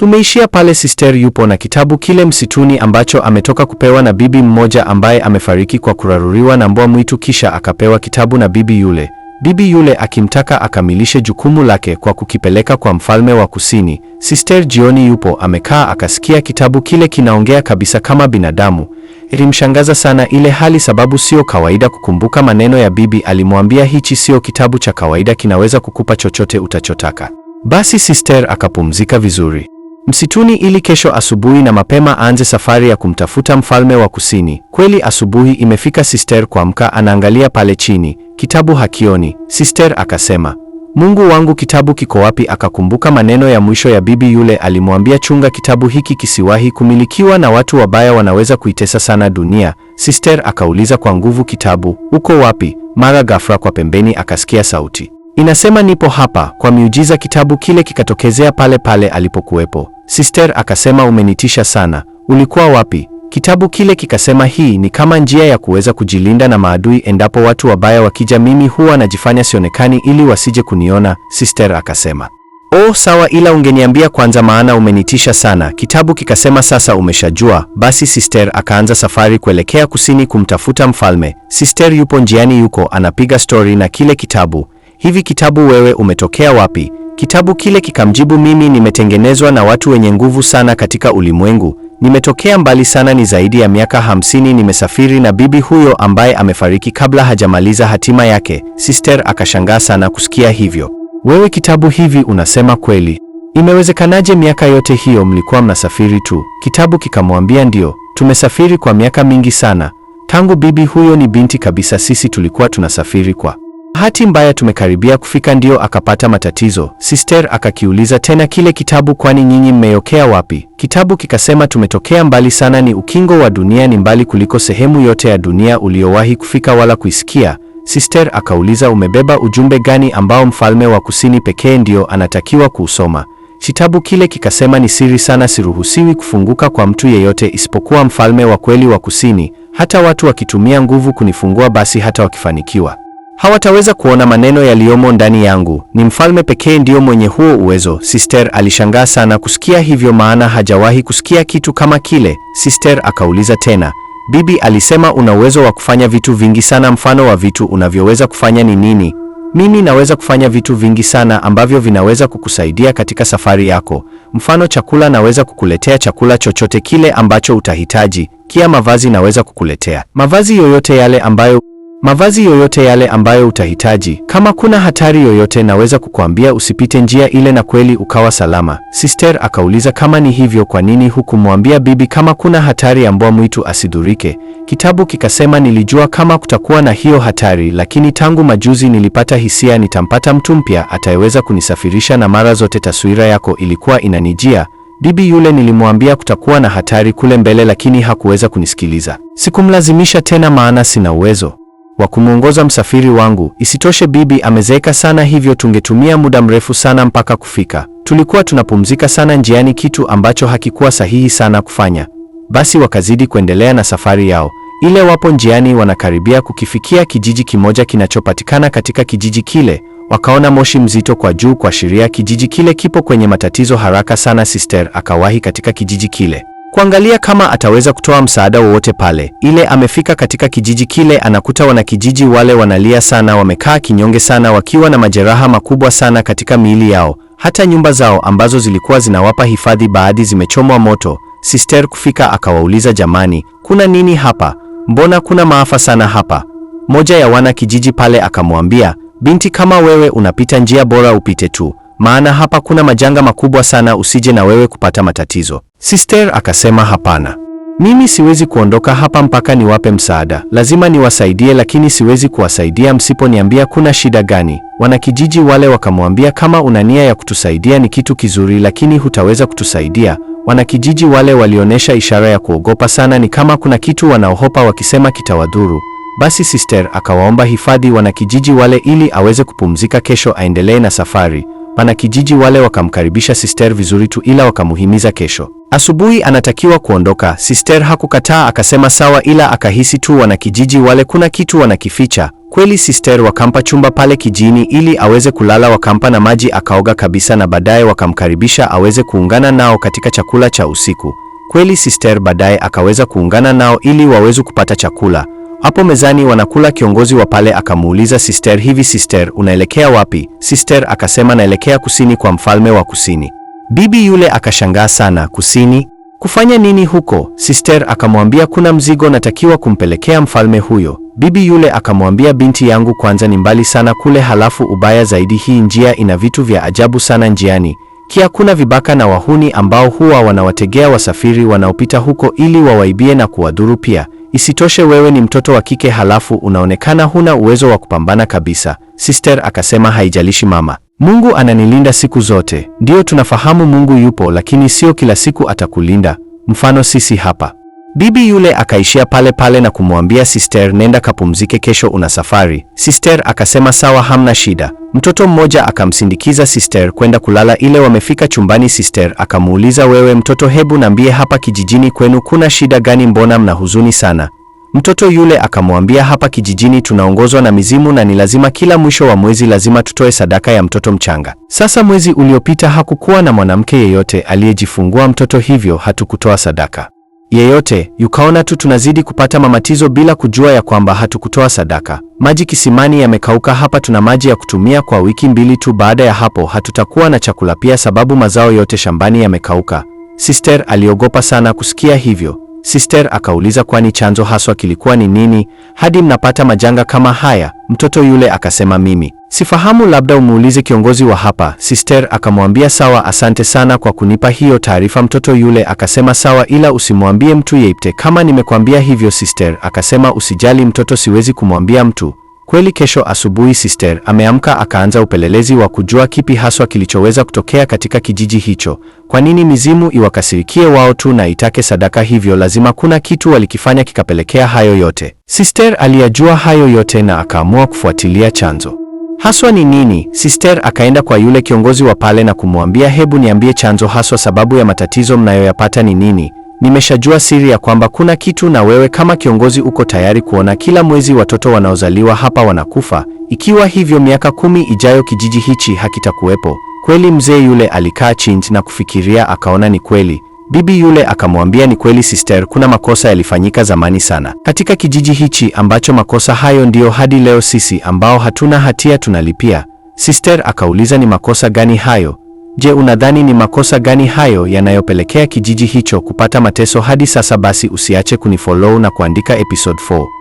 Tumeishia pale Sister yupo na kitabu kile msituni ambacho ametoka kupewa na bibi mmoja ambaye amefariki kwa kuraruriwa na mbwa mwitu, kisha akapewa kitabu na bibi yule. Bibi yule akimtaka akamilishe jukumu lake kwa kukipeleka kwa mfalme wa Kusini. Sister jioni yupo amekaa, akasikia kitabu kile kinaongea kabisa kama binadamu. Ilimshangaza sana ile hali, sababu sio kawaida kukumbuka maneno ya bibi. Alimwambia hichi sio kitabu cha kawaida, kinaweza kukupa chochote utachotaka. Basi Sister akapumzika vizuri msituni ili kesho asubuhi na mapema aanze safari ya kumtafuta mfalme wa kusini. Kweli asubuhi imefika, Sister kuamka, anaangalia pale chini, kitabu hakioni. Sister akasema, Mungu wangu, kitabu kiko wapi? Akakumbuka maneno ya mwisho ya bibi yule, alimwambia chunga kitabu hiki kisiwahi kumilikiwa na watu wabaya, wanaweza kuitesa sana dunia. Sister akauliza kwa nguvu, kitabu uko wapi? Mara ghafla kwa pembeni akasikia sauti inasema, nipo hapa. Kwa miujiza kitabu kile kikatokezea pale pale alipokuwepo. Sister akasema umenitisha sana, ulikuwa wapi? Kitabu kile kikasema hii ni kama njia ya kuweza kujilinda na maadui, endapo watu wabaya wakija, mimi huwa najifanya sionekani ili wasije kuniona. Sister akasema oh, sawa, ila ungeniambia kwanza, maana umenitisha sana. Kitabu kikasema sasa umeshajua. Basi Sister akaanza safari kuelekea kusini kumtafuta mfalme. Sister yupo njiani, yuko anapiga stori na kile kitabu hivi kitabu wewe umetokea wapi? Kitabu kile kikamjibu, mimi nimetengenezwa na watu wenye nguvu sana katika ulimwengu. Nimetokea mbali sana, ni zaidi ya miaka hamsini. Nimesafiri na bibi huyo ambaye amefariki kabla hajamaliza hatima yake. Sister akashangaa sana kusikia hivyo. Wewe kitabu, hivi unasema kweli? Imewezekanaje? Miaka yote hiyo mlikuwa mnasafiri tu? Kitabu kikamwambia, ndio, tumesafiri kwa miaka mingi sana. Tangu bibi huyo ni binti kabisa, sisi tulikuwa tunasafiri kwa Bahati mbaya tumekaribia kufika, ndio akapata matatizo. Sister akakiuliza tena kile kitabu, kwani nyinyi mmeyokea wapi? Kitabu kikasema tumetokea mbali sana, ni ukingo wa dunia, ni mbali kuliko sehemu yote ya dunia uliyowahi kufika wala kuisikia. Sister akauliza umebeba ujumbe gani ambao mfalme wa kusini pekee ndio anatakiwa kuusoma? Kitabu kile kikasema ni siri sana, siruhusiwi kufunguka kwa mtu yeyote isipokuwa mfalme wa kweli wa kusini. Hata watu wakitumia nguvu kunifungua, basi hata wakifanikiwa Hawataweza kuona maneno yaliyomo ndani yangu. Ni mfalme pekee ndiyo mwenye huo uwezo. Sister alishangaa sana kusikia hivyo, maana hajawahi kusikia kitu kama kile. Sister akauliza tena, bibi alisema una uwezo wa kufanya vitu vingi sana, mfano wa vitu unavyoweza kufanya ni nini? Mimi naweza kufanya vitu vingi sana ambavyo vinaweza kukusaidia katika safari yako. Mfano chakula, naweza kukuletea chakula chochote kile ambacho utahitaji. Kia mavazi, naweza kukuletea mavazi yoyote yale ambayo mavazi yoyote yale ambayo utahitaji. Kama kuna hatari yoyote, naweza kukuambia usipite njia ile na kweli ukawa salama. Sister akauliza, kama ni hivyo, kwa nini hukumwambia bibi kama kuna hatari ya mbwa mwitu asidhurike? Kitabu kikasema, nilijua kama kutakuwa na hiyo hatari, lakini tangu majuzi nilipata hisia nitampata mtu mpya atayeweza kunisafirisha, na mara zote taswira yako ilikuwa inanijia. Bibi yule nilimwambia kutakuwa na hatari kule mbele, lakini hakuweza kunisikiliza. Sikumlazimisha tena, maana sina uwezo wa kumwongoza msafiri wangu. Isitoshe, bibi amezeeka sana, hivyo tungetumia muda mrefu sana mpaka kufika. Tulikuwa tunapumzika sana njiani, kitu ambacho hakikuwa sahihi sana kufanya. Basi wakazidi kuendelea na safari yao. Ile wapo njiani, wanakaribia kukifikia kijiji kimoja kinachopatikana katika kijiji kile, wakaona moshi mzito kwa juu, kuashiria kijiji kile kipo kwenye matatizo haraka sana. Sister akawahi katika kijiji kile kuangalia kama ataweza kutoa msaada wowote pale. Ile amefika katika kijiji kile, anakuta wanakijiji wale wanalia sana, wamekaa kinyonge sana, wakiwa na majeraha makubwa sana katika miili yao. Hata nyumba zao ambazo zilikuwa zinawapa hifadhi, baadhi zimechomwa moto. Sister kufika akawauliza, jamani, kuna nini hapa? Mbona kuna maafa sana hapa? Moja ya wana kijiji pale akamwambia, binti, kama wewe unapita njia bora upite tu maana hapa kuna majanga makubwa sana, usije na wewe kupata matatizo. Sister akasema hapana, mimi siwezi kuondoka hapa mpaka niwape msaada. Lazima niwasaidie, lakini siwezi kuwasaidia msiponiambia kuna shida gani. Wanakijiji wale wakamwambia, kama una nia ya kutusaidia ni kitu kizuri, lakini hutaweza kutusaidia. Wanakijiji wale walionyesha ishara ya kuogopa sana, ni kama kuna kitu wanaohopa wakisema kitawadhuru. Basi Sister akawaomba hifadhi wanakijiji wale ili aweze kupumzika, kesho aendelee na safari. Wanakijiji wale wakamkaribisha Sister vizuri tu, ila wakamuhimiza kesho asubuhi anatakiwa kuondoka. Sister hakukataa, akasema sawa, ila akahisi tu wanakijiji wale kuna kitu wanakificha. Kweli Sister wakampa chumba pale kijini ili aweze kulala, wakampa na maji akaoga kabisa, na baadaye wakamkaribisha aweze kuungana nao katika chakula cha usiku. Kweli Sister baadaye akaweza kuungana nao ili waweze kupata chakula. Hapo mezani wanakula, kiongozi wa pale akamuuliza Sister, hivi Sister unaelekea wapi? Sister akasema naelekea kusini kwa mfalme wa kusini. Bibi yule akashangaa sana, kusini kufanya nini huko? Sister akamwambia kuna mzigo natakiwa kumpelekea mfalme huyo. Bibi yule akamwambia binti yangu, kwanza ni mbali sana kule, halafu ubaya zaidi, hii njia ina vitu vya ajabu sana njiani, kia kuna vibaka na wahuni ambao huwa wanawategea wasafiri wanaopita huko ili wawaibie na kuwadhuru pia. Isitoshe wewe ni mtoto wa kike halafu unaonekana huna uwezo wa kupambana kabisa. Sister akasema haijalishi mama, Mungu ananilinda siku zote. Ndiyo, tunafahamu Mungu yupo, lakini sio kila siku atakulinda. Mfano sisi hapa. Bibi yule akaishia pale pale na kumwambia sister, nenda kapumzike, kesho una safari. Sister akasema sawa, hamna shida. Mtoto mmoja akamsindikiza sister kwenda kulala. Ile wamefika chumbani, sister akamuuliza, wewe mtoto, hebu nambie, hapa kijijini kwenu kuna shida gani? Mbona mna huzuni sana? Mtoto yule akamwambia, hapa kijijini tunaongozwa na mizimu na ni lazima kila mwisho wa mwezi lazima tutoe sadaka ya mtoto mchanga. Sasa mwezi uliopita hakukuwa na mwanamke yeyote aliyejifungua mtoto, hivyo hatukutoa sadaka yeyote, yukaona tu tunazidi kupata mamatizo bila kujua ya kwamba hatukutoa sadaka. Maji kisimani yamekauka, hapa tuna maji ya kutumia kwa wiki mbili tu. Baada ya hapo hatutakuwa na chakula pia, sababu mazao yote shambani yamekauka. Sister aliogopa sana kusikia hivyo. Sister akauliza kwani chanzo haswa kilikuwa ni nini hadi mnapata majanga kama haya? Mtoto yule akasema mimi sifahamu, labda umuulize kiongozi wa hapa. Sister akamwambia sawa, asante sana kwa kunipa hiyo taarifa. Mtoto yule akasema sawa, ila usimwambie mtu yeyote kama nimekwambia hivyo. Sister akasema usijali mtoto, siwezi kumwambia mtu. Kweli kesho asubuhi Sister ameamka akaanza upelelezi wa kujua kipi haswa kilichoweza kutokea katika kijiji hicho. Kwa nini mizimu iwakasirikie wao tu na itake sadaka hivyo? Lazima kuna kitu walikifanya kikapelekea hayo yote. Sister aliyajua hayo yote na akaamua kufuatilia chanzo. Haswa ni nini? Sister akaenda kwa yule kiongozi wa pale na kumwambia, hebu niambie chanzo haswa, sababu ya matatizo mnayoyapata ni nini? Nimeshajua siri ya kwamba kuna kitu, na wewe kama kiongozi uko tayari kuona kila mwezi watoto wanaozaliwa hapa wanakufa. Ikiwa hivyo, miaka kumi ijayo kijiji hichi hakitakuwepo. Kweli mzee yule alikaa chini na kufikiria, akaona ni kweli. Bibi yule akamwambia, ni kweli sister, kuna makosa yalifanyika zamani sana katika kijiji hichi, ambacho makosa hayo ndiyo hadi leo sisi ambao hatuna hatia tunalipia. Sister akauliza, ni makosa gani hayo? Je, unadhani ni makosa gani hayo yanayopelekea kijiji hicho kupata mateso hadi sasa? Basi usiache kunifollow na kuandika episode 4.